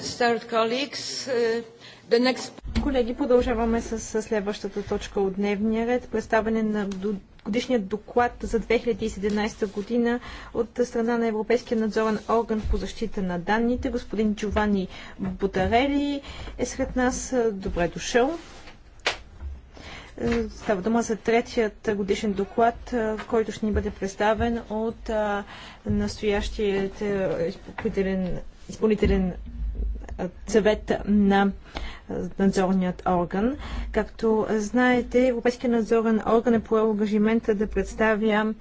Start, uh, next... Колеги, продължаваме с следващата точка от дневния ред. Представяне на годишният доклад за 2017 година от страна на Европейския надзорен орган по защита на данните. Господин Джовани Бутарели е сред нас. Добре дошъл. Става дума за третият годишен доклад, който ще ни бъде представен от настоящият изпълнителен изпълнителен съвет на надзорният орган. Както знаете, Европейския надзорен орган е поел ангажимента да представя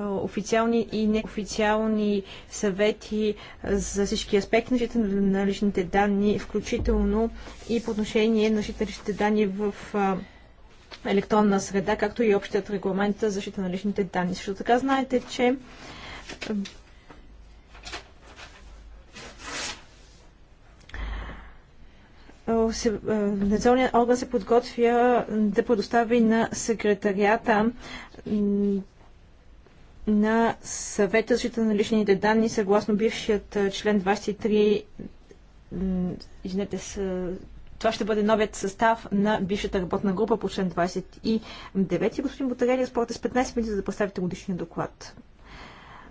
официални и неофициални съвети за всички аспекти на защита на личните данни, включително и по отношение на защита на личните данни в електронна среда, както и общият регламент за защита на личните данни. Също така знаете, че Е, надзорният орган се подготвя да предостави на секретарията на съвета защита на личните данни, съгласно бившият е, член 23, извинете, това ще бъде новият състав на бившата работна група по член 29. Господин Ботарелия, разполагате с 15 минути, за да представите годишния доклад.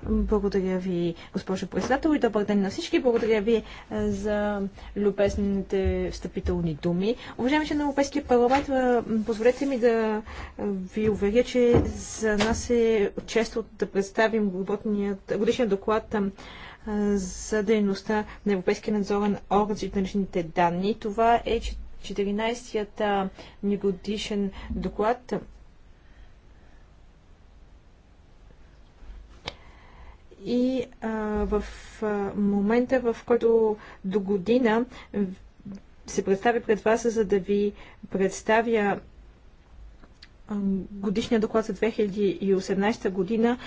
Благодаря ви, госпожо председател и добър ден на всички. Благодаря ви е, за любезните встъпителни думи. Уважаеми че на Европейския парламент, е, позволете ми да е, ви уверя, че за нас е често да представим годишния доклад за дейността на Европейския надзорен орган за личните данни. Това е 14-ят ни годишен доклад И а, в а, момента, в който до година се представя пред вас, за да ви представя годишния доклад за 2018 година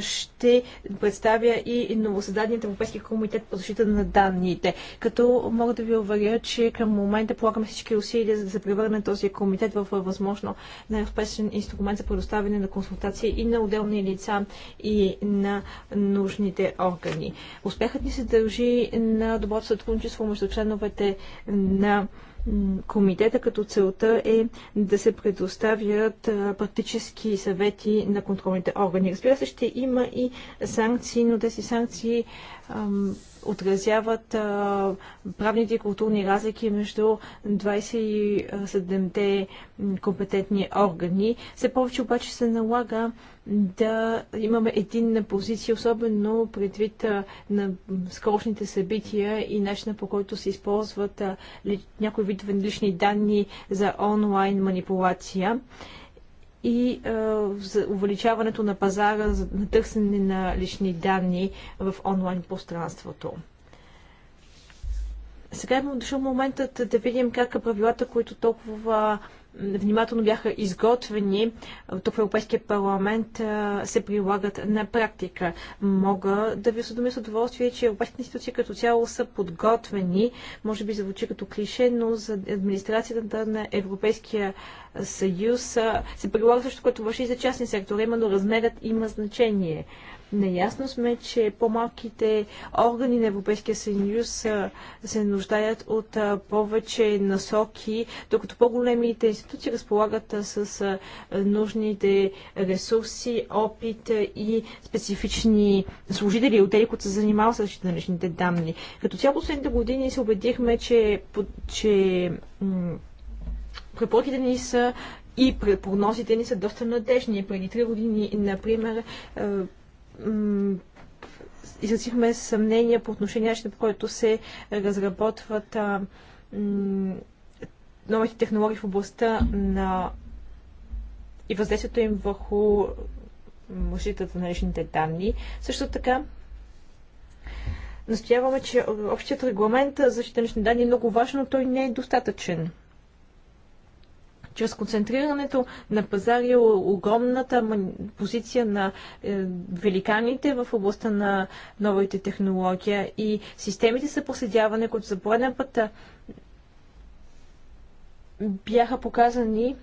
ще представя и новосъздаденият Европейски комитет по защита на данните. Като мога да ви уверя, че към момента полагаме всички усилия за да се превърне този комитет в възможно най-успешен инструмент за предоставяне на консултации и на отделни лица и на нужните органи. Успехът ни се дължи на доброто сътрудничество между членовете на комитета, като целта е да се предоставят практически съвети на контролните органи. Разбира се, ще има и санкции, но тези санкции ам, отразяват а, правните и културни разлики между 27-те компетентни органи. Все повече обаче се налага да имаме единна позиция, особено предвид а, на скорошните събития и начина по който се използват а, ли, някои видове лични данни за онлайн манипулация и е, за увеличаването на пазара на търсене на лични данни в онлайн пространството. Сега е дошъл моментът да видим как правилата, които толкова внимателно бяха изготвени от Европейския парламент, се прилагат на практика. Мога да ви осъдомя с удоволствие, че европейските институции като цяло са подготвени. Може би звучи като клише, но за администрацията на Европейския съюз се прилага също, което върши и за частни сектор, именно размерът има значение. Наясно сме, че по-малките органи на Европейския съюз се нуждаят от повече насоки, докато по-големите институции разполагат с нужните ресурси, опит и специфични служители и отдели, които се занимават с защита на личните данни. Като цяло последните години се убедихме, че, че препоръките ни са и прогнозите ни са доста надежни. Преди три години, например, изразихме съмнение по отношение начина, по който се разработват а, новите технологии в областта на и въздействието им върху защитата на личните данни. Също така, настояваме, че общият регламент за защита на лични данни е много важен, но той не е достатъчен. Чрез концентрирането на пазари и огромната позиция на е, великаните в областта на новите технология и системите за проследяване, които за пореден път е, бяха показани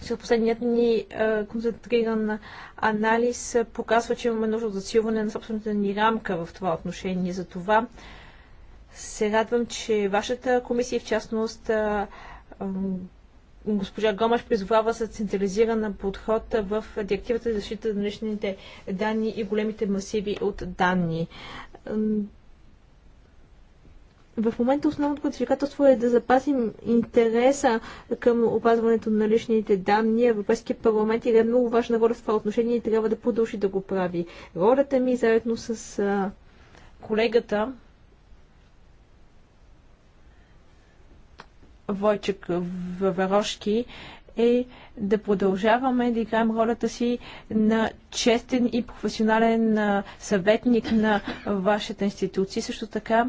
след последният ни е, концентриран анализ показва, че имаме нужда от засилване на собствената ни рамка в това отношение. Затова се радвам, че вашата комисия в частност госпожа Гомаш призовава за централизиран подход в директивата за защита на личните данни и големите масиви от данни. В момента основното предизвикателство е да запазим интереса към опазването на личните данни. Европейския парламент е много важна роля в това отношение и трябва да продължи да го прави. Ролята ми заедно с колегата Войчек Варошки е да продължаваме да играем ролята си на честен и професионален съветник на вашата институция. Също така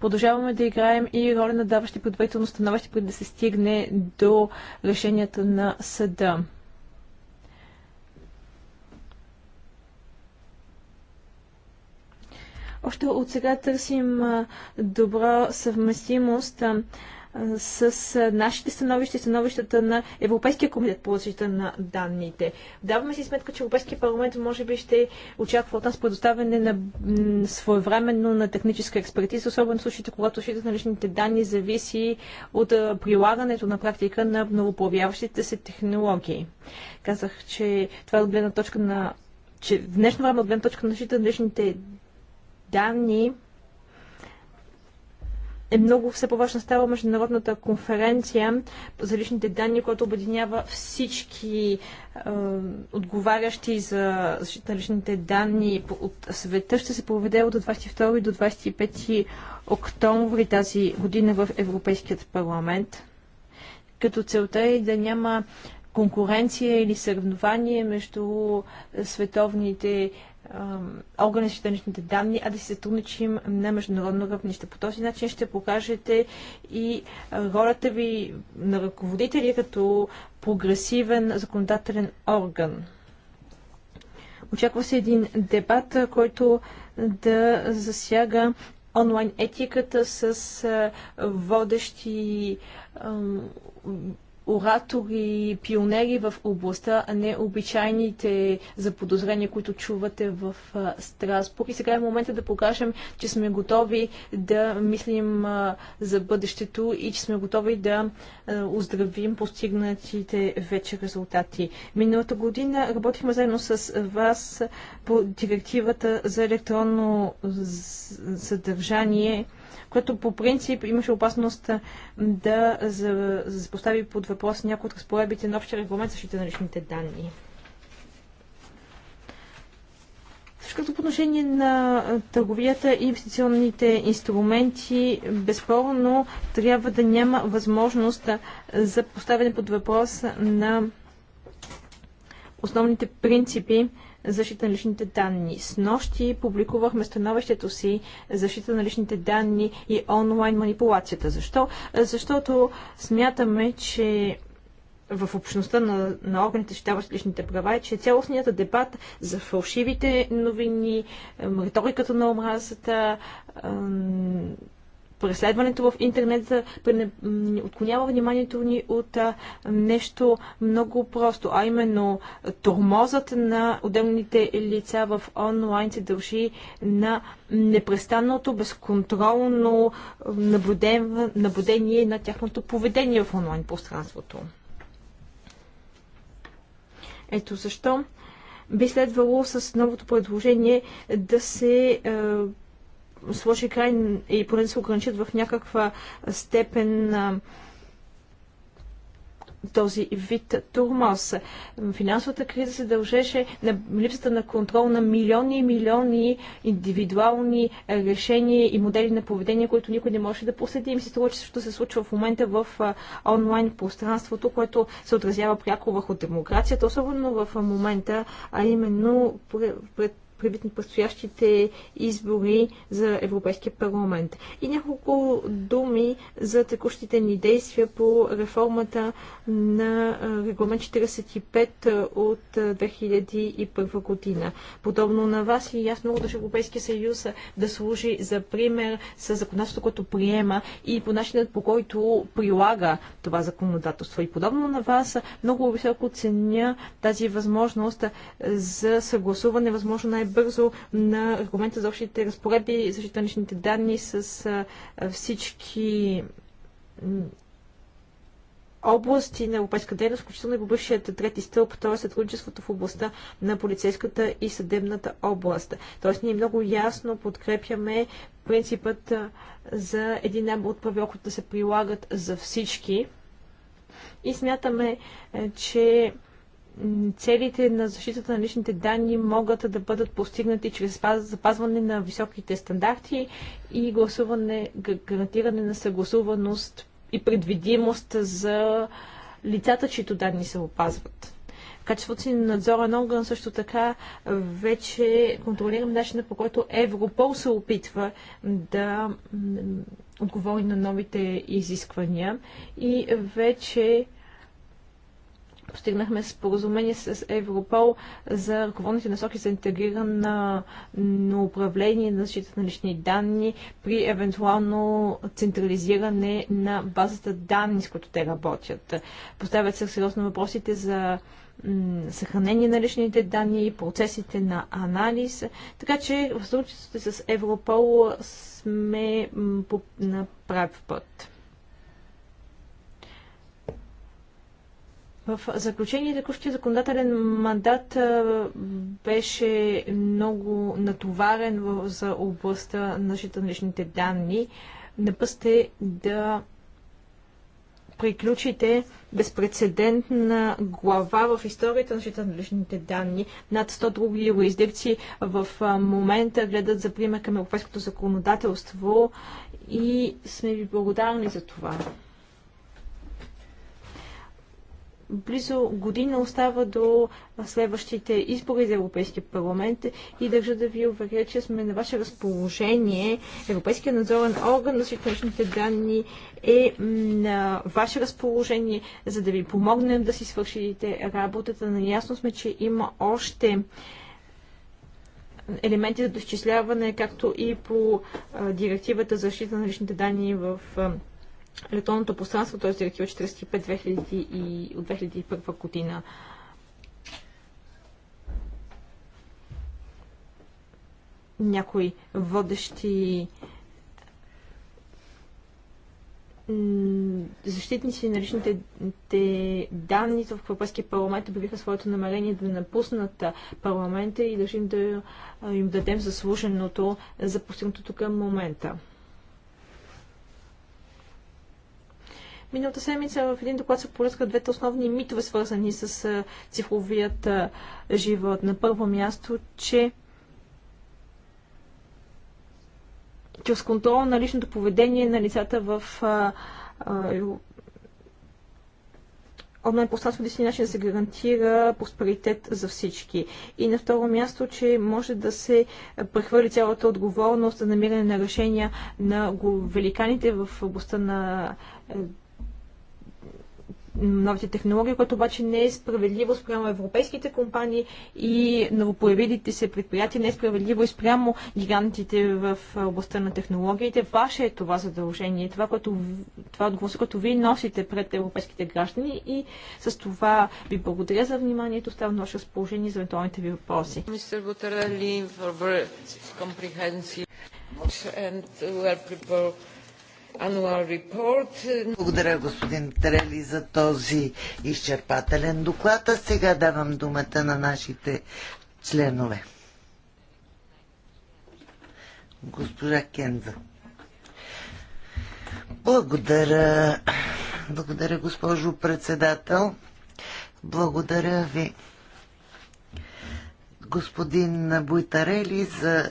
продължаваме да играем и роля на даващи предварително становище, преди да се стигне до решенията на съда. Още от сега търсим добра съвместимост с нашите становища и становищата на Европейския комитет по защита на данните. Даваме си сметка, че Европейския парламент може би ще очаква от нас предоставяне на своевременно на техническа експертиза, особено в случаите, когато защита на личните данни зависи от прилагането на практика на новоплавяващите се технологии. Казах, че това е от гледна точка на че в днешно време от гледна точка на защита на личните данни, е много все по-важна става международната конференция за личните данни, която обединява всички е, отговарящи за защита на личните данни от света. Ще се проведе от 22 до 25 октомври тази година в Европейският парламент. Като целта е да няма конкуренция или съревнование между световните органи за личните данни, а да си сътрудничим на международно равнище. По този начин ще покажете и ролята ви на ръководители като прогресивен законодателен орган. Очаква се един дебат, който да засяга онлайн етиката с водещи оратори, пионери в областта, а не обичайните заподозрения, които чувате в Страсбург. И сега е момента да покажем, че сме готови да мислим за бъдещето и че сме готови да оздравим постигнатите вече резултати. Миналата година работихме заедно с вас по директивата за електронно съдържание което по принцип имаше опасност да постави под въпрос някои от разпоредбите на общия регламент защита на личните данни. Също като по отношение на търговията и инвестиционните инструменти, безспорно трябва да няма възможност за поставяне под въпрос на основните принципи защита на личните данни. С нощи публикувахме становището си защита на личните данни и онлайн манипулацията. Защо? Защото смятаме, че в общността на, на органите, считаващи личните права, е, че цялостният дебат за фалшивите новини, риториката е, на омразата, преследването в интернет отклонява вниманието ни от нещо много просто, а именно тормозът на отделните лица в онлайн се дължи на непрестанното, безконтролно наблюдение на тяхното поведение в онлайн пространството. Ето защо би следвало с новото предложение да се сложи край и поне да се ограничат в някаква степен а, този вид турмоз. Финансовата криза се дължеше на липсата на контрол на милиони и милиони индивидуални решения и модели на поведение, които никой не може да последи. И се струва, че също се случва в момента в онлайн пространството, което се отразява пряко върху демокрацията, особено в момента, а именно пред предвид на предстоящите избори за Европейския парламент. И няколко думи за текущите ни действия по реформата на регламент 45 от 2001 година. Подобно на вас и аз много държа Европейския съюз да служи за пример с законодателството, което приема и по начинът по който прилага това законодателство. И подобно на вас много високо ценя тази възможност за съгласуване, възможно най бързо на аргумента за общите разпоредби и защита личните данни с всички области на европейска дейност, включително и по бившият трети стълб, т.е. сътрудничеството в областта на полицейската и съдебната област. Т.е. ние много ясно подкрепяме принципът за един набор от правил, които да се прилагат за всички. И смятаме, е, че целите на защитата на личните данни могат да бъдат постигнати чрез запазване на високите стандарти и гласуване, гарантиране на съгласуваност и предвидимост за лицата, чието данни се опазват. Качеството си на надзорен орган също така вече контролирам начина по който Европол се опитва да отговори на новите изисквания и вече постигнахме споразумение с Европол за ръководните насоки за интегрирано на управление на защита на лични данни при евентуално централизиране на базата данни, с които те работят. Поставят се сериозно въпросите за съхранение на личните данни, процесите на анализ. Така че в случаите с Европол сме на прав път. В заключение, текущия законодателен мандат беше много натоварен за областта на защита на личните данни. Не пъсте да приключите безпредседентна глава в историята на защита на личните данни. Над 100 други юрисдикции в момента гледат за пример към европейското законодателство и сме ви благодарни за това близо година остава до следващите избори за Европейския парламент и държа да ви уверя, че сме на ваше разположение. Европейския надзорен орган на личните данни е на ваше разположение, за да ви помогнем да си свършите работата. Наясно сме, че има още елементи за доизчисляване, както и по директивата за защита на личните данни в електронното пространство, т.е. директива 45 от 2001 година. Някои водещи защитници на личните данни в Европейския парламент обявиха своето намерение да напуснат парламента и държим да им дадем заслуженото за постигнато към момента. Миналата седмица в един доклад се поръскат двете основни митове, свързани с цифровият живот. На първо място, че чрез контрол на личното поведение на лицата в а, а, онлайн пространство си начин да се гарантира просперитет за всички. И на второ място, че може да се прехвърли цялата отговорност за намиране на решения на великаните в областта на е, новите технологии, което обаче не е справедливо спрямо европейските компании и новопоявилите се предприятия, не е справедливо и спрямо гигантите в областта на технологиите. Ваше е това задължение, това, което, това е отговорност, което вие носите пред европейските граждани и с това ви благодаря за вниманието, ставам на ваше разположение за евентуалните ви въпроси. Благодаря, господин Трели, за този изчерпателен доклад. А сега давам думата на нашите членове. Госпожа Кенза. Благодаря. Благодаря, госпожо председател. Благодаря ви, господин Буйтарели, за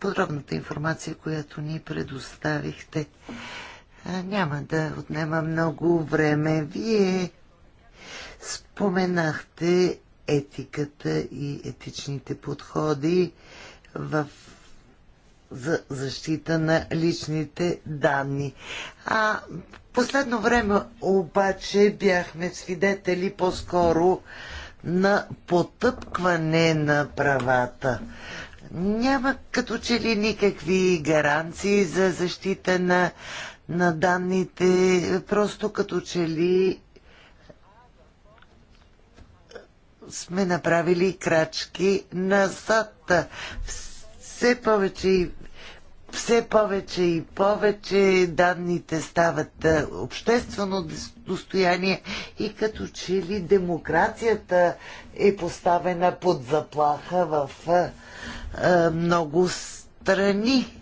подробната информация, която ни предоставихте. Няма да отнема много време. Вие споменахте етиката и етичните подходи в за защита на личните данни. А последно време обаче бяхме свидетели по-скоро на потъпкване на правата няма като че ли никакви гаранции за защита на, на данните, просто като че ли сме направили крачки назад. Все повече и все повече и повече данните стават е, обществено достояние и като че ли демокрацията е поставена под заплаха в е, е, много страни.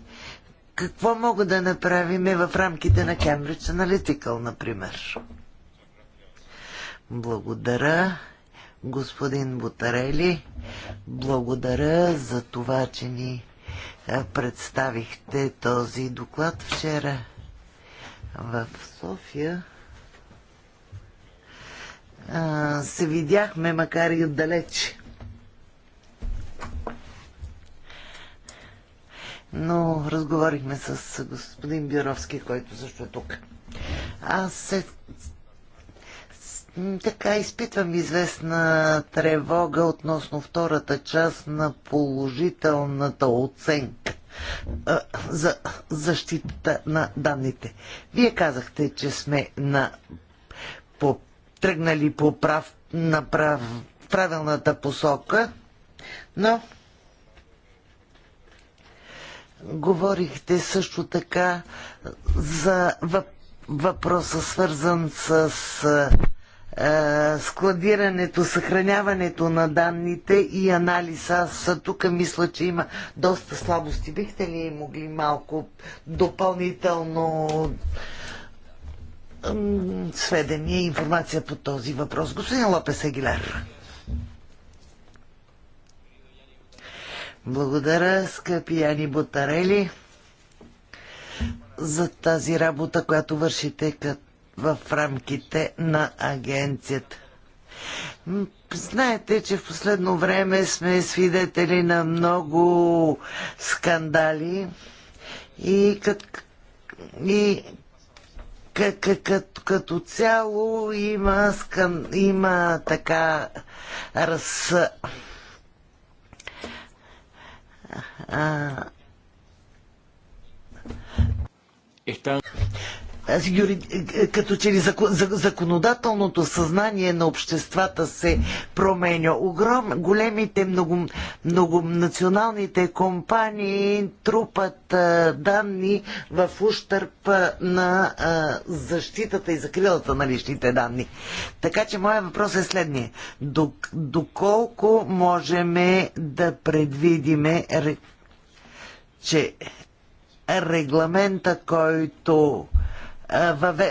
Какво мога да направим в рамките на Кембридж Analytical, например? Благодаря, господин Бутарели. Благодаря за това, че ни представихте този доклад вчера в София. Се видяхме, макар и отдалеч. но разговорихме с господин Бюровски, който също е тук. Аз се така изпитвам известна тревога относно втората част на положителната оценка за защитата на данните. Вие казахте, че сме на, по, тръгнали по прав, на прав, правилната посока, но говорихте също така за въпроса свързан с е, складирането, съхраняването на данните и анализа Аз тук. Мисля, че има доста слабости. Бихте ли могли малко допълнително сведения и информация по този въпрос? Господин Лопес Егилер. Благодаря, скъпи Яни Ботарели, за тази работа, която вършите като в рамките на агенцията. Знаете, че в последно време сме свидетели на много скандали и, като, и като, като цяло има, скан, има така раз... А, като че ли законодателното съзнание на обществата се променя. Огром, големите много, многонационалните компании трупат а, данни в ущърп на а, защитата и закрилата на личните данни. Така че моят въпрос е следния. Доколко можем да предвидиме, че регламента, който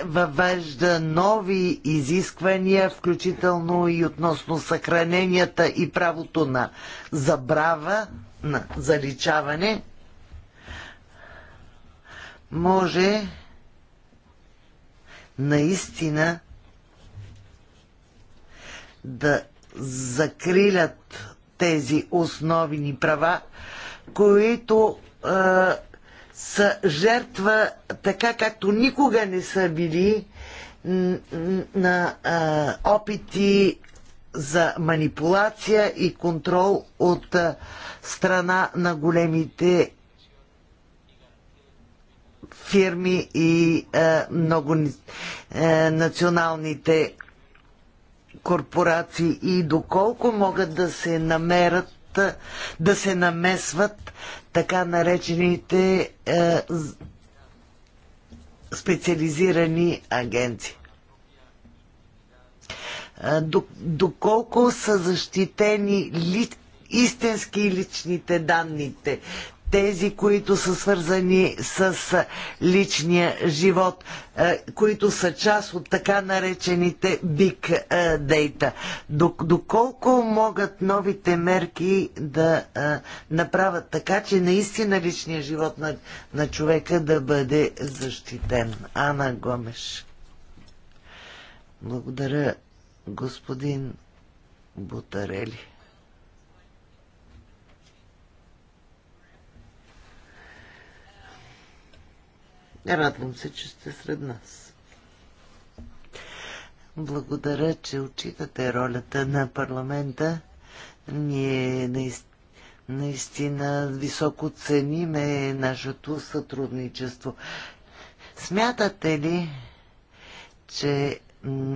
въвежда нови изисквания, включително и относно съхраненията и правото на забрава, на заличаване, може наистина да закрилят тези основни права, които са жертва така както никога не са били на а, опити за манипулация и контрол от а, страна на големите фирми и а, много а, националните корпорации и доколко могат да се намерят да се намесват така наречените е, специализирани агенции. Е, доколко са защитени ли, истински личните данните тези, които са свързани с личния живот, които са част от така наречените big data. Доколко могат новите мерки да направят така, че наистина личния живот на, на човека да бъде защитен? Ана Гомеш. Благодаря, господин Бутарели. Радвам се, че сте сред нас. Благодаря, че отчитате ролята на парламента. Ние наистина високо цениме нашето сътрудничество. Смятате ли, че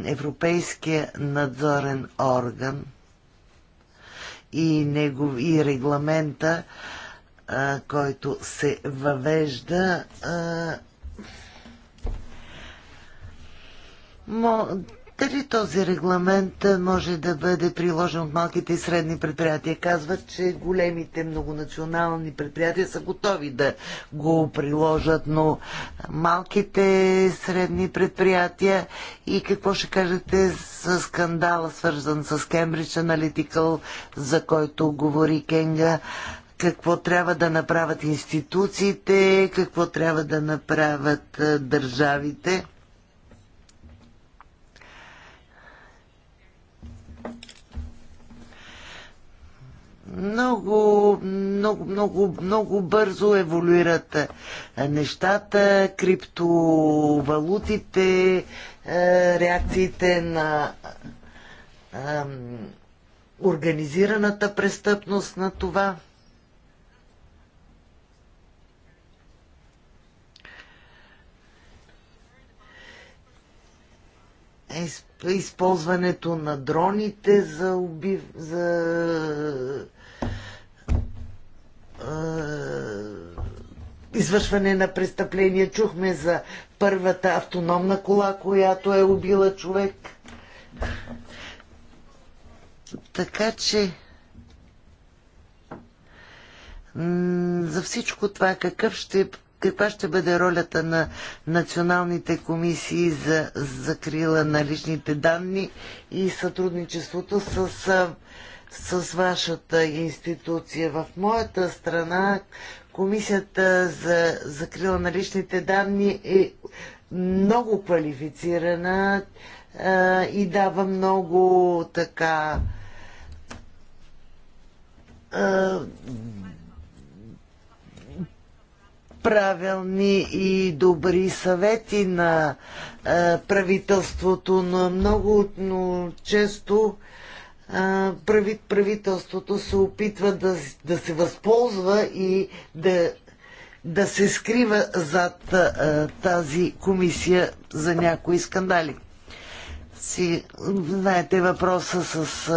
Европейския надзорен орган и, негов, и регламента, а, който се въвежда, а, дали този регламент може да бъде приложен от малките и средни предприятия? Казват, че големите многонационални предприятия са готови да го приложат, но малките средни предприятия и какво ще кажете за скандала, свързан с Кембридж Аналитикъл, за който говори Кенга? какво трябва да направят институциите, какво трябва да направят държавите? много, много, много, много бързо еволюират е, нещата, криптовалутите, е, реакциите на организираната престъпност на това. Е, използването на дроните за, убив... за е, извършване на престъпления. Чухме за първата автономна кола, която е убила човек. Така че за всичко това какъв ще, каква ще бъде ролята на националните комисии за закрила на личните данни и сътрудничеството с с вашата институция. В моята страна Комисията за закрила на личните данни е много квалифицирана а, и дава много така а, правилни и добри съвети на а, правителството, но много но често а, правителството се опитва да, да се възползва и да, да се скрива зад а, тази комисия за някои скандали. Си, знаете въпроса с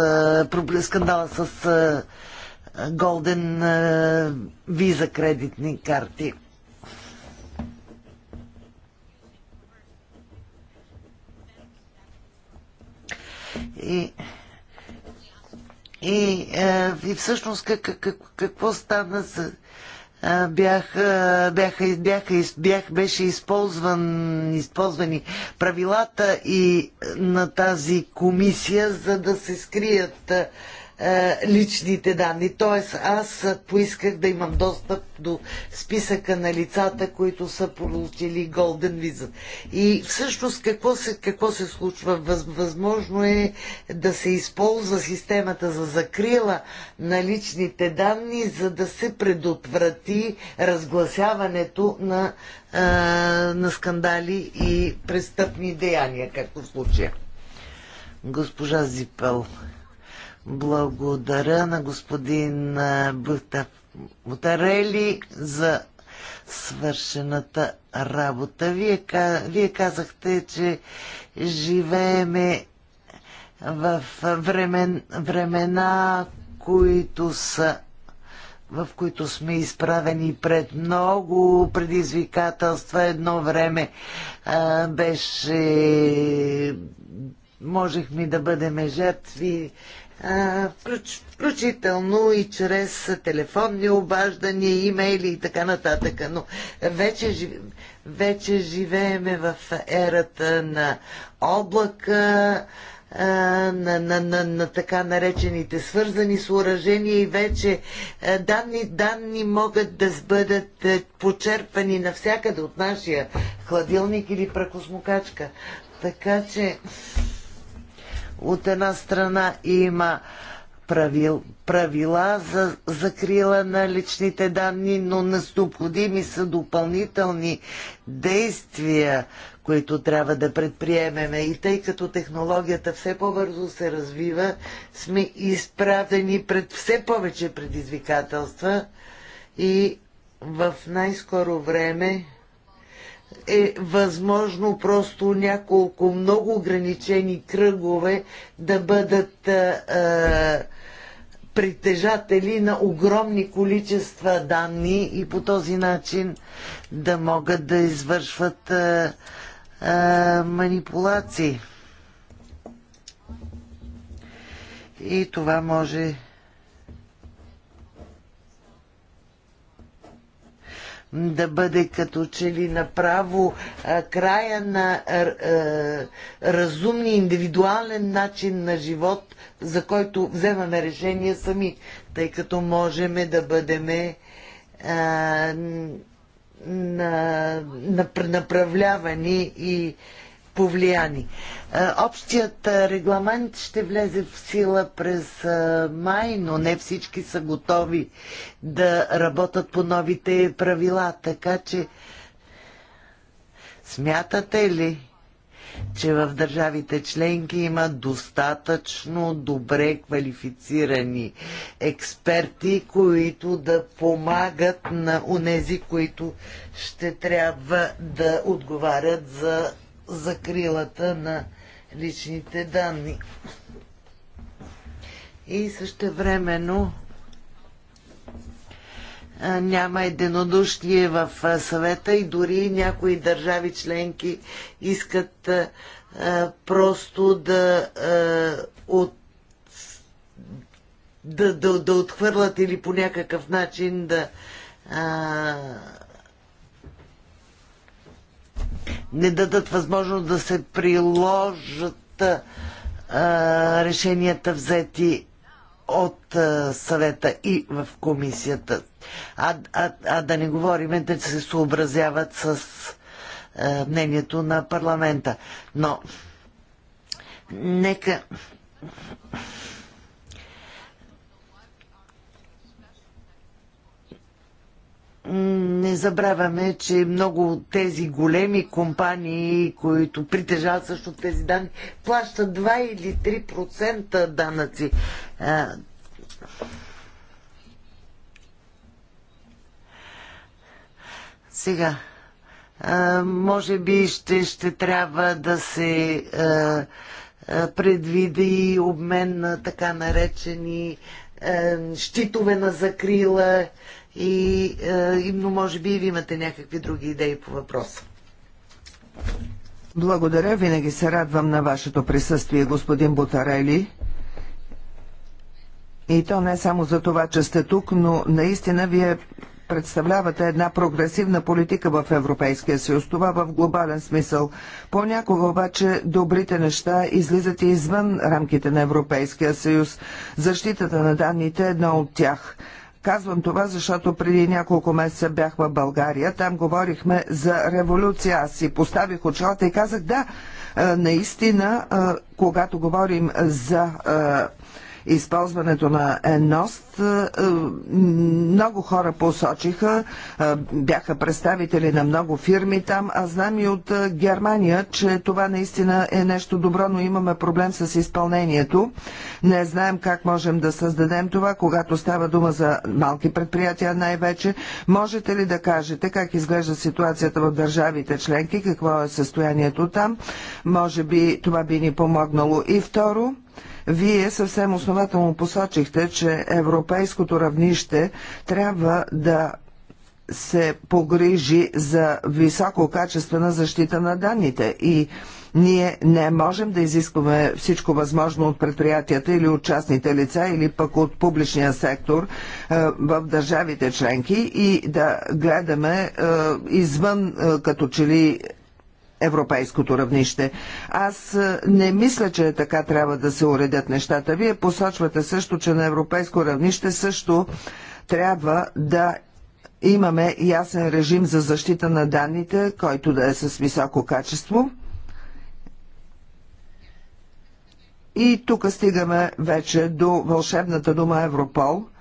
а, скандала с а, Голден а, виза кредитни карти. И и, е, и всъщност как, как, какво стана с... Е, бяха, бяха, бяха, бях, беше използван, използвани правилата и е, на тази комисия, за да се скрият е, личните данни. Тоест аз поисках да имам достъп до списъка на лицата, които са получили Golden Visa. И всъщност какво се, какво се случва? Възможно е да се използва системата за закрила на личните данни, за да се предотврати разгласяването на, а, е, на скандали и престъпни деяния, както в случая. Госпожа Зипел. Благодаря на господин Бутав Мутарели за свършената работа. Вие, вие казахте, че живееме в времен, времена, които са в които сме изправени пред много предизвикателства. Едно време а, беше можехме да бъдем жертви включително и чрез телефонни обаждания, имейли и така нататък. Но вече, вече живееме в ерата на облака, на, на, на, на така наречените свързани съоръжения и вече данни, данни могат да бъдат е, почерпани навсякъде от нашия хладилник или пракосмокачка. Така че от една страна има правил, правила за закрила на личните данни, но необходими са допълнителни действия, които трябва да предприемеме. И тъй като технологията все по-бързо се развива, сме изправени пред все повече предизвикателства и в най-скоро време е възможно просто няколко много ограничени кръгове да бъдат а, притежатели на огромни количества данни и по този начин да могат да извършват а, а, манипулации. И това може да бъде като че ли направо края на разумния индивидуален начин на живот, за който вземаме решение сами, тъй като можем да бъдем направлявани и повлияни. Е, общият е, регламент ще влезе в сила през е, май, но не всички са готови да работят по новите правила, така че смятате ли, че в държавите членки има достатъчно добре квалифицирани експерти, които да помагат на унези, които ще трябва да отговарят за закрилата на личните данни. И също времено няма единодушие в съвета и дори някои държави членки искат просто да от да, да, да отхвърлят или по някакъв начин да а, не дадат възможност да се приложат а, решенията взети от а, съвета и в комисията. А, а, а да не говорим да се съобразяват с а, мнението на парламента. Но нека не забравяме, че много от тези големи компании, които притежават също тези данни, плащат 2 или 3% данъци. Сега, може би ще, ще трябва да се предвиди обмен на така наречени щитове на закрила и, е, но може би и ви имате някакви други идеи по въпроса. Благодаря, винаги се радвам на вашето присъствие, господин Бутарели. И то не само за това, че сте тук, но наистина вие представлявате една прогресивна политика в Европейския съюз. Това в глобален смисъл. Понякога обаче добрите неща излизат и извън рамките на Европейския съюз. Защитата на данните е една от тях. Казвам това, защото преди няколко месеца бях в България. Там говорихме за революция. Аз си поставих очилата и казах да, е, наистина, е, когато говорим за е, използването на ЕНОСТ. Е, много хора посочиха, е, бяха представители на много фирми там, а знам и от е, Германия, че това наистина е нещо добро, но имаме проблем с изпълнението. Не знаем как можем да създадем това, когато става дума за малки предприятия най-вече. Можете ли да кажете как изглежда ситуацията в държавите членки, какво е състоянието там? Може би това би ни помогнало. И второ, вие съвсем основателно посочихте, че европейското равнище трябва да се погрижи за високо качествена защита на данните и ние не можем да изискваме всичко възможно от предприятията или от частните лица или пък от публичния сектор е, в държавите членки и да гледаме е, извън е, като че ли европейското равнище. Аз е, не мисля, че е така трябва да се уредят нещата. Вие посочвате също, че на европейско равнище също трябва да имаме ясен режим за защита на данните, който да е с високо качество. И тук стигаме вече до вълшебната дума Европол –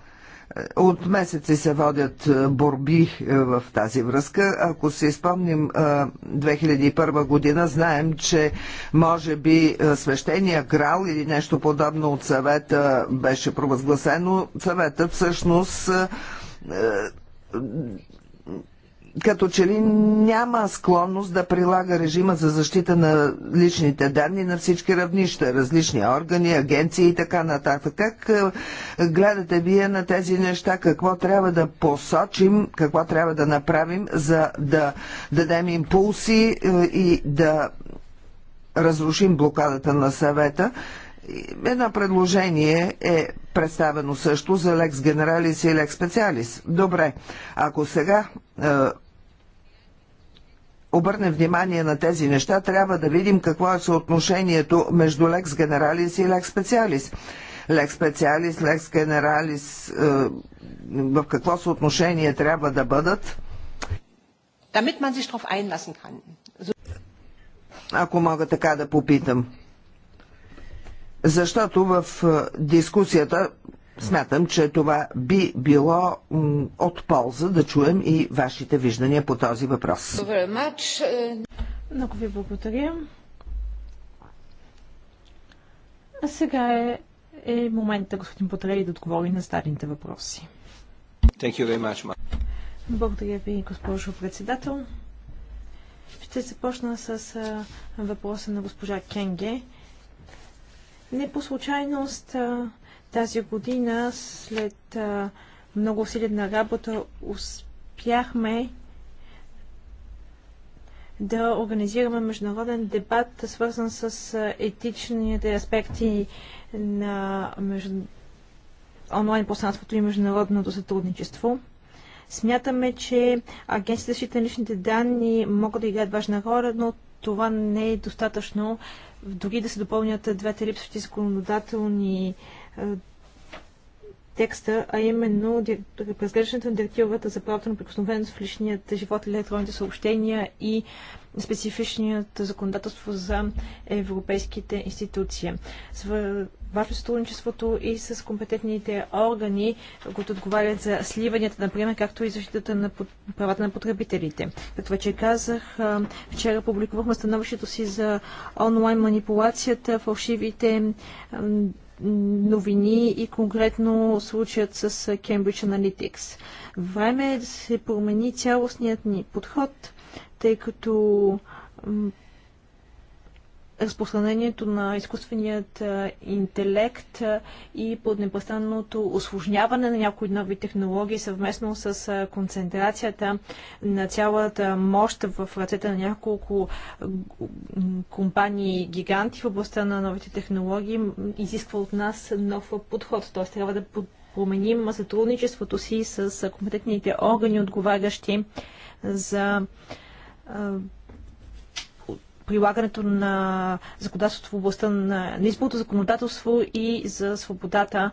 от месеци се водят е, борби е, в тази връзка. Ако си спомним 2001 е, година, знаем, че може би свещения грал или нещо подобно от съвета беше провъзгласено. Съветът всъщност като че ли няма склонност да прилага режима за защита на личните данни на всички равнища, различни органи, агенции и така нататък. Как е, гледате вие на тези неща? Какво трябва да посочим, какво трябва да направим, за да дадем импулси е, и да разрушим блокадата на съвета? Едно предложение е представено също за лекс генералис и лекс специалис. Добре, ако сега е, обърнем внимание на тези неща, трябва да видим какво е съотношението между лекс генералис и лекс специалис. Лекс специалис, лекс генералис, е, в какво съотношение трябва да бъдат. Damit man sich drauf einlassen kann. Ако мога така да попитам. Защото в е, дискусията Смятам, че това би било от полза да чуем и вашите виждания по този въпрос. Е, Много ви благодаря. А сега е, е момента, господин Поталери, да отговори на старите въпроси. Much, благодаря ви, госпожо председател. Ще започна с а, въпроса на госпожа Кенге. Не по случайност а, тази година, след много усилена работа, успяхме да организираме международен дебат, свързан с етичните аспекти на между... онлайн пространството и международното сътрудничество. Смятаме, че агенцията за защита на личните данни могат да играят важна роля, но това не е достатъчно. Дори да се допълнят двете липсващи законодателни е, текста, а именно разглеждането на директивата за правото на прикосновеност в личният живот, електронните съобщения и специфичният законодателство за европейските институции. С важно е сътрудничеството и с компетентните органи, които отговарят за сливанията, например, както и защитата на правата на потребителите. Като вече казах, е, вчера публикувахме становището си за онлайн манипулацията, фалшивите новини и конкретно случаят с Cambridge Analytics. Време е да се промени цялостният ни подход, тъй като разпространението на изкуственият интелект и под непрестанното осложняване на някои нови технологии съвместно с концентрацията на цялата мощ в ръцете на няколко компании гиганти в областта на новите технологии изисква от нас нов подход. Т.е. трябва да променим сътрудничеството си с компетентните органи, отговарящи за прилагането на законодателството в областта на, на изборното законодателство и за свободата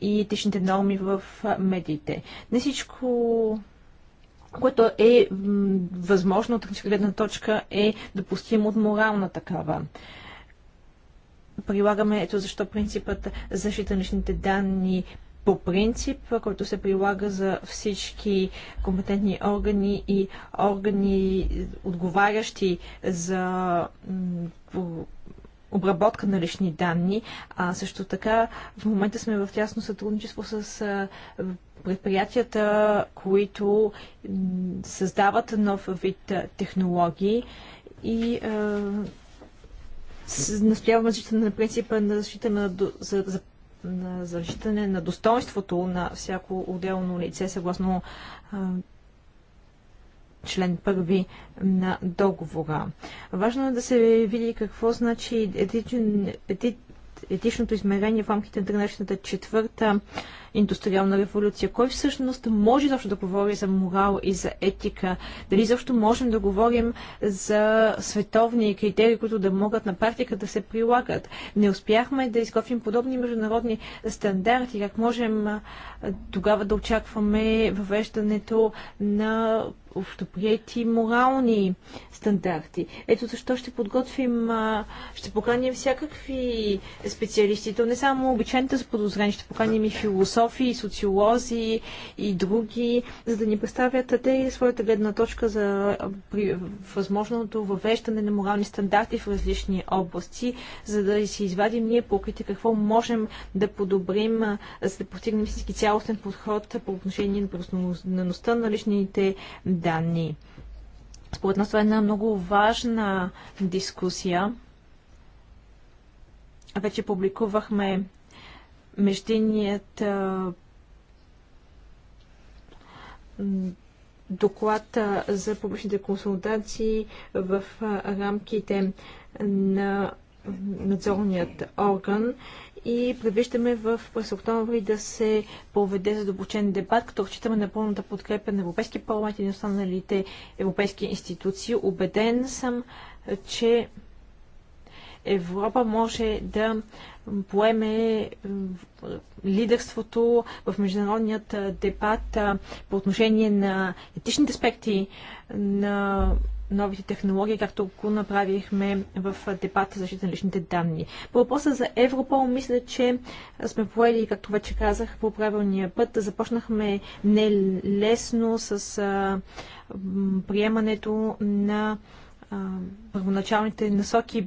и етичните норми в медиите. Не всичко което е възможно от техническа гледна точка, е допустимо от морална такава. Прилагаме ето защо принципът защита на личните данни по принцип, който се прилага за всички компетентни органи и органи, отговарящи за обработка на лични данни, а също така в момента сме в тясно сътрудничество с предприятията, които създават нов вид технологии и настояваме защита на принципа на защита на, за, за на защитане на достоинството на всяко отделно лице, съгласно член първи на договора. Важно е да се види какво значи етичен, етичното измерение в рамките на днешната четвърта индустриална революция? Кой всъщност може защо да говори за морал и за етика? Дали защо можем да говорим за световни критерии, които да могат на практика да се прилагат? Не успяхме да изготвим подобни международни стандарти. Как можем тогава да очакваме въвеждането на общоприяти морални стандарти. Ето защо ще подготвим, ще поканим всякакви специалисти, то не само обичайните заподозрени, ще поканим и философи, философи, и социолози и други, за да ни представят те своята гледна точка за възможното въвеждане на морални стандарти в различни области, за да си извадим ние покрите какво можем да подобрим, за да постигнем всички цялостен подход по отношение на просновността на личните данни. Според нас това е една много важна дискусия. Вече публикувахме междинният доклад за публичните консултации в рамките на надзорният орган и предвиждаме в през октомври да се проведе задълбочен дебат, като вчитаме на пълната подкрепа на Европейския парламент и на останалите европейски институции. Обеден съм, че Европа може да поеме лидерството в международният дебат по отношение на етичните аспекти на новите технологии, както го направихме в дебата за защита на личните данни. По въпроса за Европол, мисля, че сме поели, както вече казах, по правилния път. Започнахме нелесно с а, приемането на а, първоначалните насоки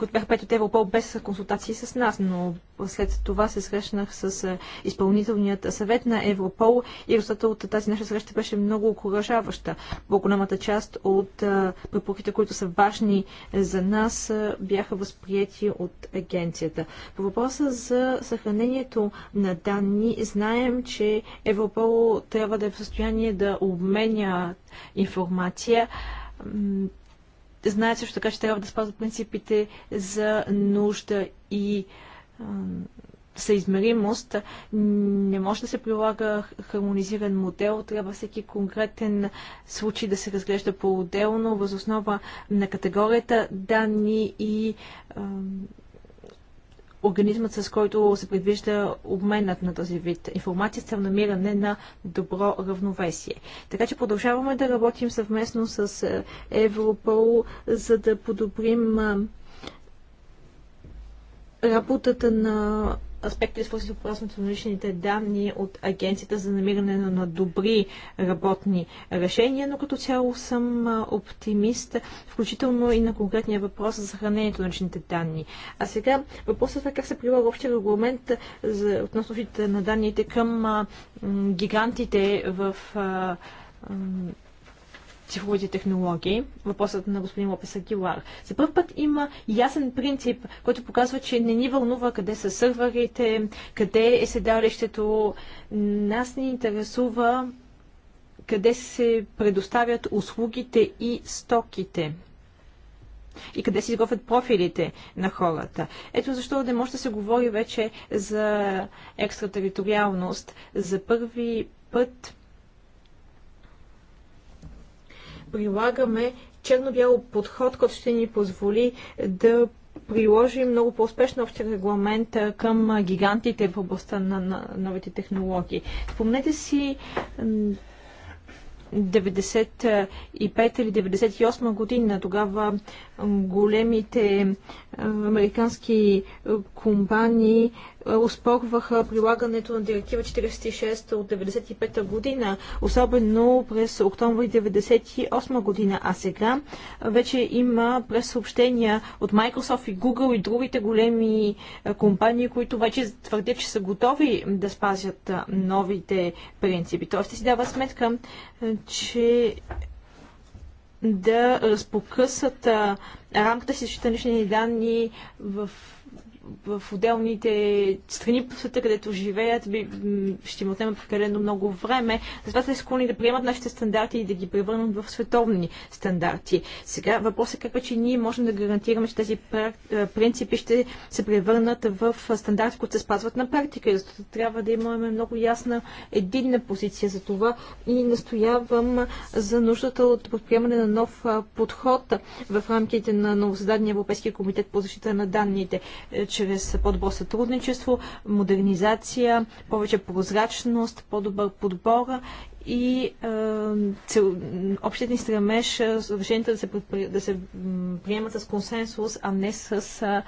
които бяха пет от Европол без консултации с нас, но след това се срещнах с е, изпълнителният съвет на Европол и резултата от тази наша среща беше много окоръжаваща. По-голямата част от е, препоръките, които са важни за нас, е, бяха възприяти от агенцията. По въпроса за съхранението на данни, знаем, че Европол трябва да е в състояние да обменя информация знаят също така, че трябва да спазват принципите за нужда и съизмеримост. Не може да се прилага хармонизиран модел, трябва всеки конкретен случай да се разглежда по-отделно, възоснова на категорията данни и организмът, с който се предвижда обменът на този вид информация с цел намиране на добро равновесие. Така че продължаваме да работим съвместно с е, Европол, за да подобрим е, работата на аспекти, свързани с опасност на личните данни от Агенцията за намиране на добри работни решения, но като цяло съм оптимист, включително и на конкретния въпрос за съхранението на личните данни. А сега въпросът е как се прилага общия регламент за, относно на данните към гигантите в цифровите технологии, въпросът на господин Лопес Агилар. За първ път има ясен принцип, който показва, че не ни вълнува къде са сървърите, къде е седалището. Нас ни интересува къде се предоставят услугите и стоките и къде се изготвят профилите на хората. Ето защо не може да се говори вече за екстратериториалност. За първи път прилагаме черно-бял подход, който ще ни позволи да приложим много по-успешно общия регламент към гигантите в областта на, на новите технологии. Спомнете си 95 или 98 година. Тогава големите американски компании успорваха прилагането на директива 46 от 1995 година, особено през октомври 1998 година. А сега вече има през съобщения от Microsoft и Google и другите големи компании, които вече твърдят, че са готови да спазят новите принципи. Тоест си дава сметка, че да разпокъсат рамката си за лични данни в в отделните страни по света, където живеят, ще им отнема прекалено много време. Затова са склонни да приемат нашите стандарти и да ги превърнат в световни стандарти. Сега въпросът е как вече ние можем да гарантираме, че тези принципи ще се превърнат в стандарти, които се спазват на практика. и Защото трябва да имаме много ясна единна позиция за това и настоявам за нуждата от подприемане на нов подход в рамките на новосъздадения Европейския комитет по защита на данните, е, че чрез по-добро сътрудничество, модернизация, повече прозрачност, по-добър подбор и е, цел, общият ни стремеж е, решенията да се, да се приемат с консенсус, а не с е,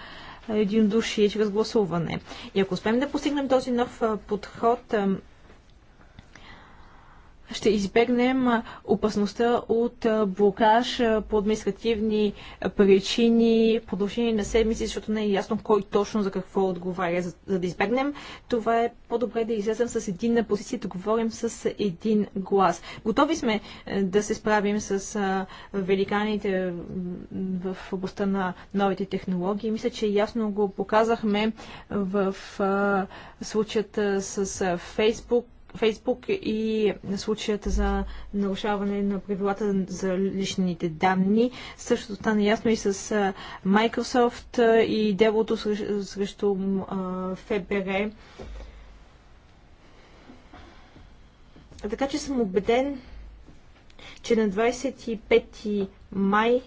един единодушие чрез гласуване. И ако успеем да постигнем този нов е, подход, ще избегнем опасността от блокаж по административни причини, продължение на седмици, защото не е ясно кой точно за какво отговаря. За, за да избегнем, това е по-добре да излезем с един на позиция, да говорим с един глас. Готови сме да се справим с великаните в областта на новите технологии. Мисля, че ясно го показахме в случаята с Фейсбук, Фейсбук и случаята за нарушаване на правилата за личните данни. Същото стана ясно и с Microsoft и делото срещу ФБР. Така че съм убеден, че на 25 май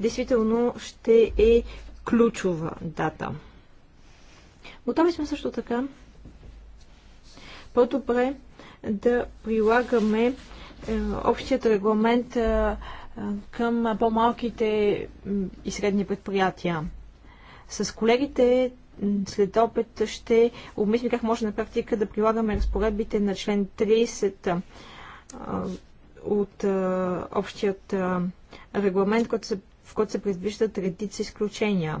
действително ще е ключова дата. Готови сме също така по-добре да прилагаме е, общият регламент е, е, към по-малките и средни предприятия. С колегите след опит ще обмислим как може на практика да прилагаме разпоредбите на член 30 от общият регламент, в който се предвиждат редица изключения.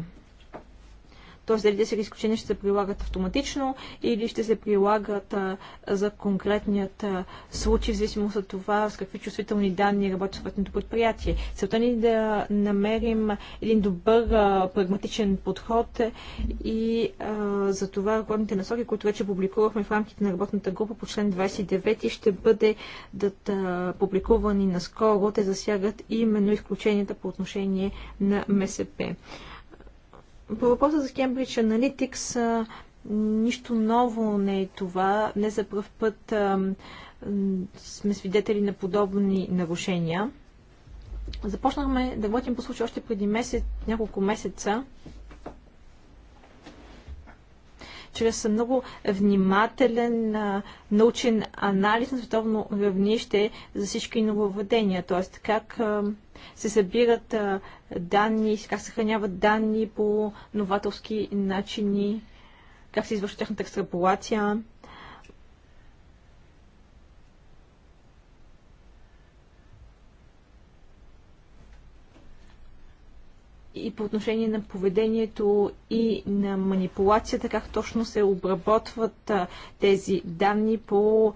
Тоест, дали тези изключения ще се прилагат автоматично или ще се прилагат а, за конкретният а, случай, в зависимост от това с какви чувствителни данни работи съответното предприятие. Целта ни е да намерим един добър а, прагматичен подход и а, за това работните насоки, които вече публикувахме в рамките на работната група по член 29 ще бъде да, да, публикувани наскоро. Те засягат именно изключенията по отношение на МСП. По въпроса за Cambridge Analytics нищо ново не е това. Не за първ път сме свидетели на подобни нарушения. Започнахме да работим по случай още преди месец, няколко месеца чрез много внимателен научен анализ на световно равнище за всички нововведения, т.е. как се събират данни, как се съхраняват данни по новаторски начини, как се извършва тяхната екстраполация. и по отношение на поведението и на манипулацията, как точно се обработват тези данни по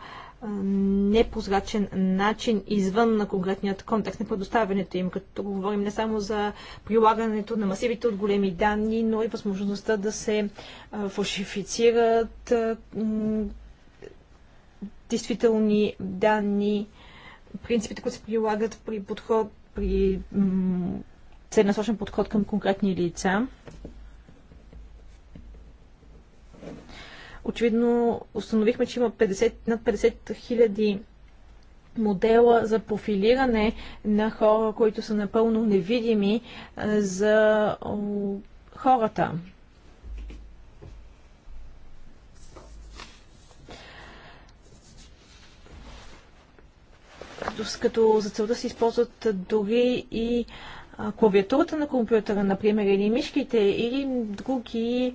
непозрачен начин извън на конкретният контекст на предоставянето им, като говорим не само за прилагането на масивите от големи данни, но и възможността да се фалшифицират действителни данни, принципите, които се прилагат при подход, при целенасочен подход към конкретни лица. Очевидно установихме, че има 50, над 50 хиляди модела за профилиране на хора, които са напълно невидими за хората. като за целта се използват дори и клавиатурата на компютъра, например, или мишките, или други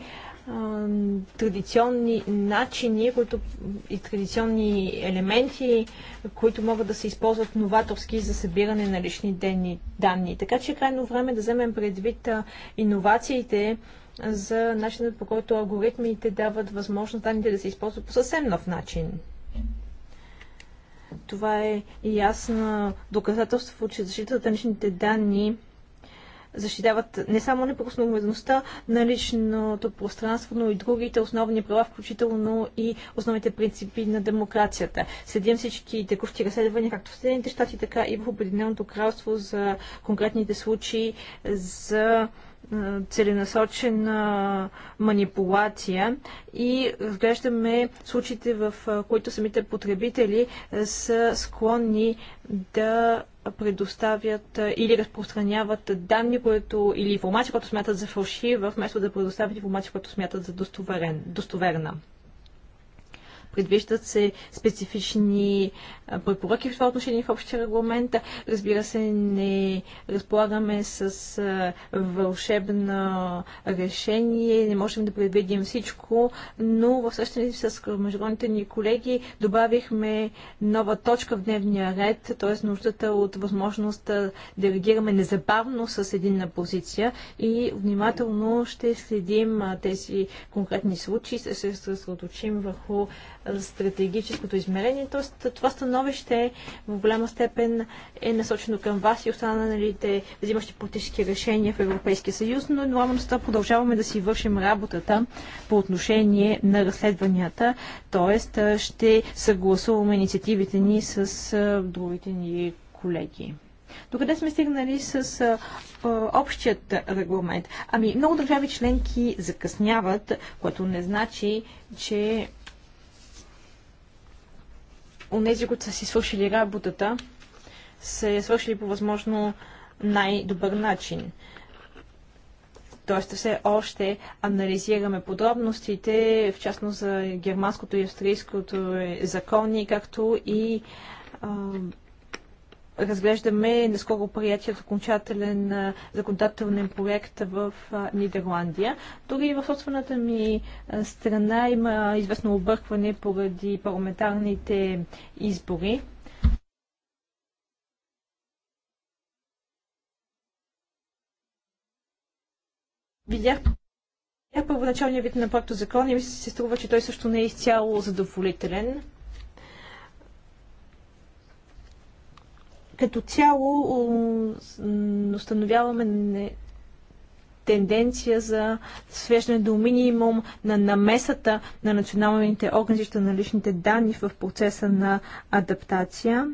традиционни начини които, и традиционни елементи, които могат да се използват новаторски за събиране на лични денни, данни. Така че е крайно време да вземем предвид иновациите за начинът по който алгоритмите дават възможност данните да се използват по съвсем нов начин. Това е ясно доказателство, че защитата на личните данни защитават не само неприкосновеността на личното пространство, но и другите основни права, включително и основните принципи на демокрацията. Следим всички текущи разследвания, както в Съединените щати, така и в Обединеното кралство за конкретните случаи за целенасочена манипулация и разглеждаме случаите, в които самите потребители са склонни да предоставят или разпространяват данни, което, или информация, която смятат за фалшива, вместо да предоставят информация, която смятат за достоверен, достоверна предвиждат се специфични препоръки в това отношение в общия регламент. Разбира се, не разполагаме с вълшебно решение, не можем да предвидим всичко, но в същност с международните ни колеги добавихме нова точка в дневния ред, т.е. нуждата от възможността да реагираме незабавно с единна позиция и внимателно ще следим тези конкретни случаи, ще се съсредоточим върху стратегическото измерение. Тоест, това становище в голяма степен е насочено към вас и останалите взимащи политически решения в Европейския съюз, но едновременно с това продължаваме да си вършим работата по отношение на разследванията, т.е. ще съгласуваме инициативите ни с другите ни колеги. Докъде сме стигнали с а, общият регламент? Ами, много държави членки закъсняват, което не значи, че онези, които са си свършили работата, са я свършили по възможно най-добър начин. Тоест все още анализираме подробностите, в частност за германското и австрийското е, закони, както и а, разглеждаме наскоро приятият окончателен законодателен проект в Нидерландия. Дори в собствената ми страна има известно объркване поради парламентарните избори. Видях първоначалния вид на проекто закон и ми се струва, че той също не е изцяло задоволителен. Като цяло установяваме не тенденция за свеждане до минимум на намесата на националните органи на личните данни в процеса на адаптация.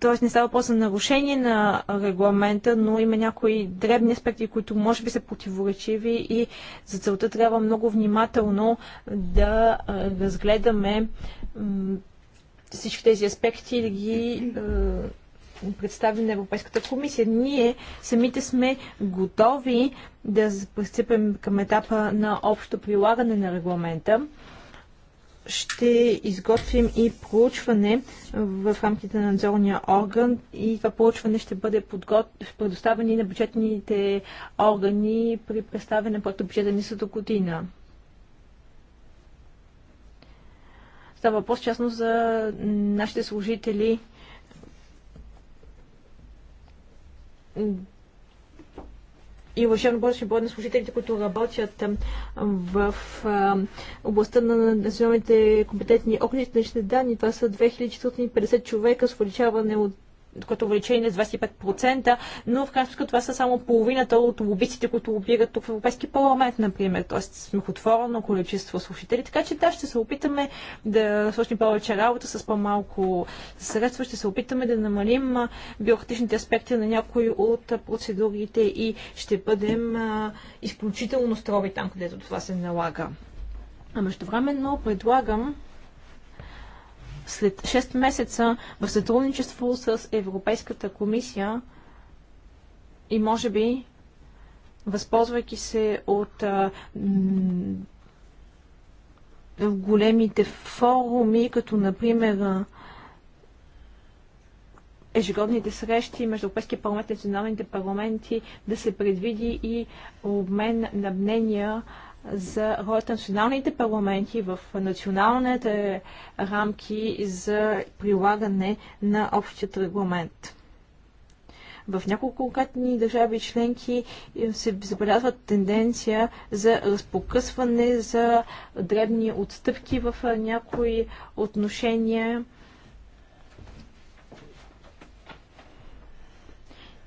Тоест не става въпрос за нарушение на регламента, но има някои дребни аспекти, които може би са противоречиви и за целта трябва много внимателно да разгледаме всички тези аспекти и да ги представим на Европейската комисия. Ние самите сме готови да пристъпим към етапа на общо прилагане на регламента. Ще изготвим и проучване в рамките на надзорния орган и това проучване ще бъде подготв... предоставено и на бюджетните органи при представяне на бюджета ни година. Става въпрос частно за нашите служители. И уважаем бъдеще бъде на служителите, които работят в областта на националните компетентни окръжни данни. Това са 2450 човека с увеличаване от което увеличение с 25%, но в крайна това са само половината от лобистите, които лобират тук в Европейски парламент, например. Тоест смехотворно количество слушатели. Така че да, ще се опитаме да сложим повече работа с по-малко средства. Ще се опитаме да намалим бюрократичните аспекти на някои от процедурите и ще бъдем изключително строги там, където това се налага. А междувременно предлагам след 6 месеца в сътрудничество с Европейската комисия и може би възползвайки се от а, големите форуми, като например ежегодните срещи между Европейския парламент и националните парламенти да се предвиди и обмен на мнения за ролята на националните парламенти в националните рамки за прилагане на общият регламент. В няколко конкретни държави членки се забелязват тенденция за разпокъсване, за дребни отстъпки в някои отношения.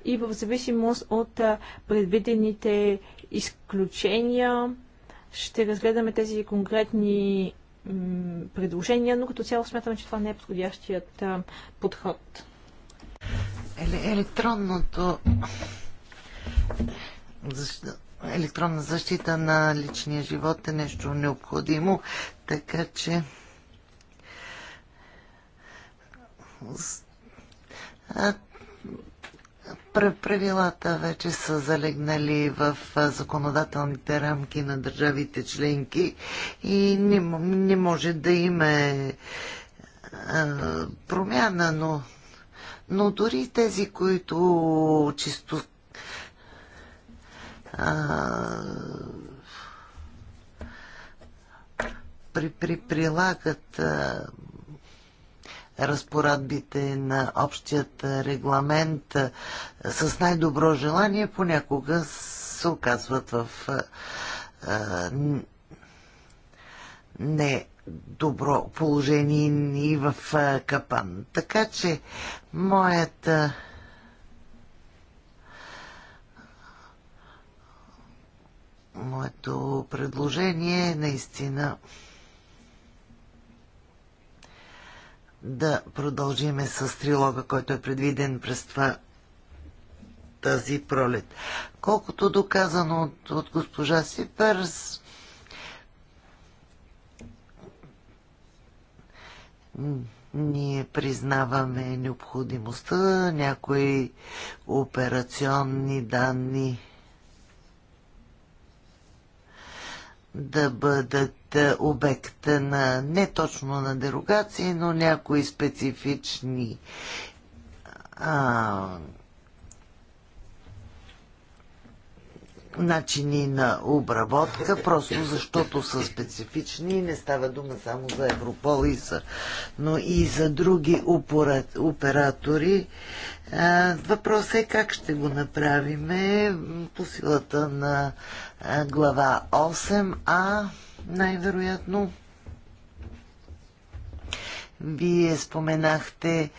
И в зависимост от предвидените изключения, ще разгледаме тези конкретни предложения, но като цяло смятам, че това не е подходящият подход. електронното електронна защита на личния живот е нещо необходимо, така че Правилата вече са залегнали в законодателните рамки на държавите членки и не, не може да има промяна, но, но дори тези, които чисто а, при, при, прилагат а, разпоредбите на общият регламент с най-добро желание понякога се оказват в недобро положение и в капан. Така че моята моето предложение е наистина да продължиме с трилога, който е предвиден през това тази пролет. Колкото доказано от, от госпожа Сиперс, ние признаваме необходимостта някои операционни данни да бъдат е, обект на не точно на дерогации, но някои специфични а, начини на обработка, просто защото са специфични и не става дума само за Европолиса, но и за други оператори. Въпросът е как ще го направим по силата на глава 8а, най-вероятно. Вие споменахте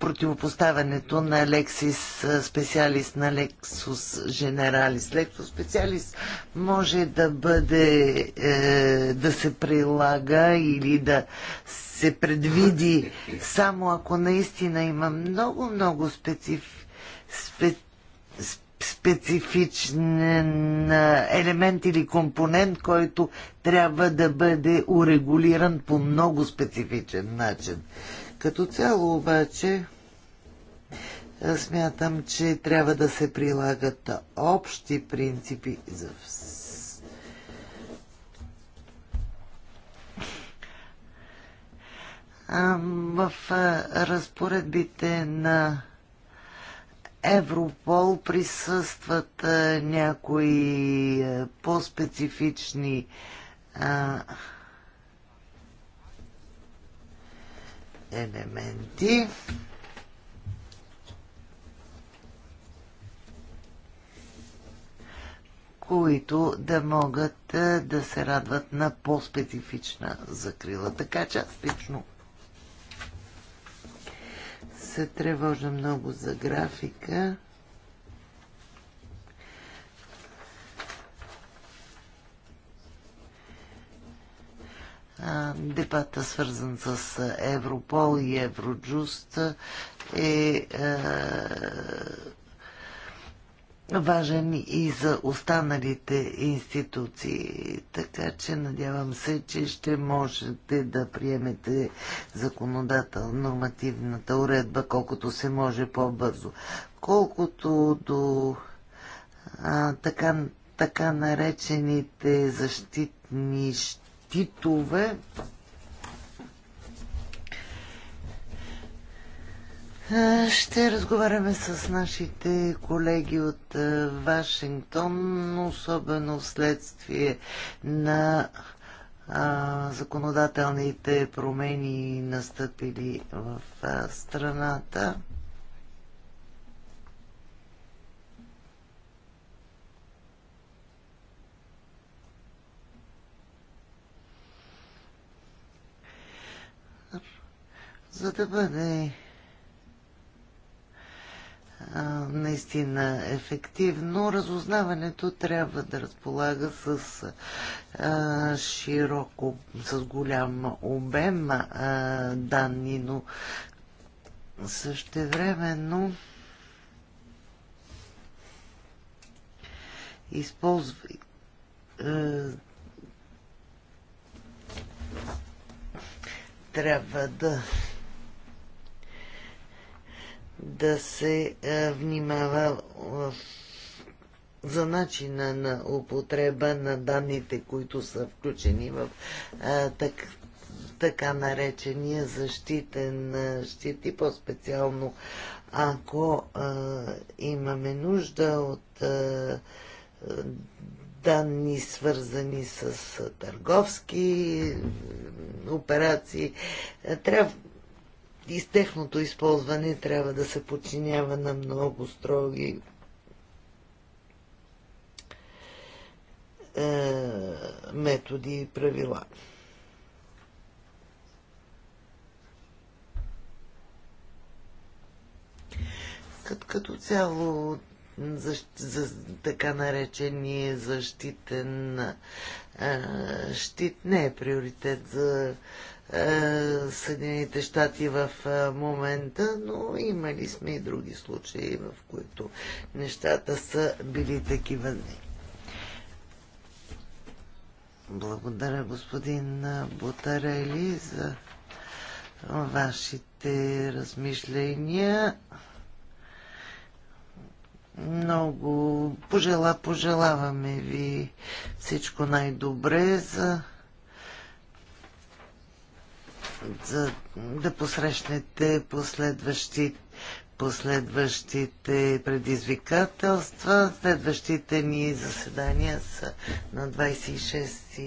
противопоставянето на Лексис специалист на Лексус Женералис. Лексус специалист може да бъде е, да се прилага или да се предвиди само ако наистина има много, много специф, спе, специфичен елемент или компонент, който трябва да бъде урегулиран по много специфичен начин. Като цяло обаче смятам, че трябва да се прилагат общи принципи за в разпоредбите на Европол присъстват някои по-специфични елементи. които да могат е, да се радват на по-специфична закрила. Така че аз лично се тревожа много за графика. дебата, свързан с Европол и Евроджуст, е, е важен и за останалите институции. Така че надявам се, че ще можете да приемете законодател нормативната уредба колкото се може по-бързо. Колкото до а, така, така наречените защитни титове. Ще разговаряме с нашите колеги от Вашингтон, особено вследствие на законодателните промени настъпили в страната. за да бъде а, наистина ефективно, разузнаването трябва да разполага с а, широко, с голям обем а, данни, но същевременно използва трябва да да се е, внимава е, за начина на употреба на данните, които са включени в а, е, так, така наречения защитен щит и по-специално ако а, имаме нужда от а, данни свързани с търговски операции, трябва и с техното използване трябва да се подчинява на много строги е, методи и правила. Като, като цяло за, за така наречения защитен е, щит не е приоритет за е, Съединените щати в е, момента, но имали сме и други случаи, в които нещата са били такива. Благодаря, господин Бутарели, за вашите размишления. Много пожела, пожелаваме ви всичко най-добре за за да посрещнете последващи, последващите предизвикателства. Следващите ни заседания са на 26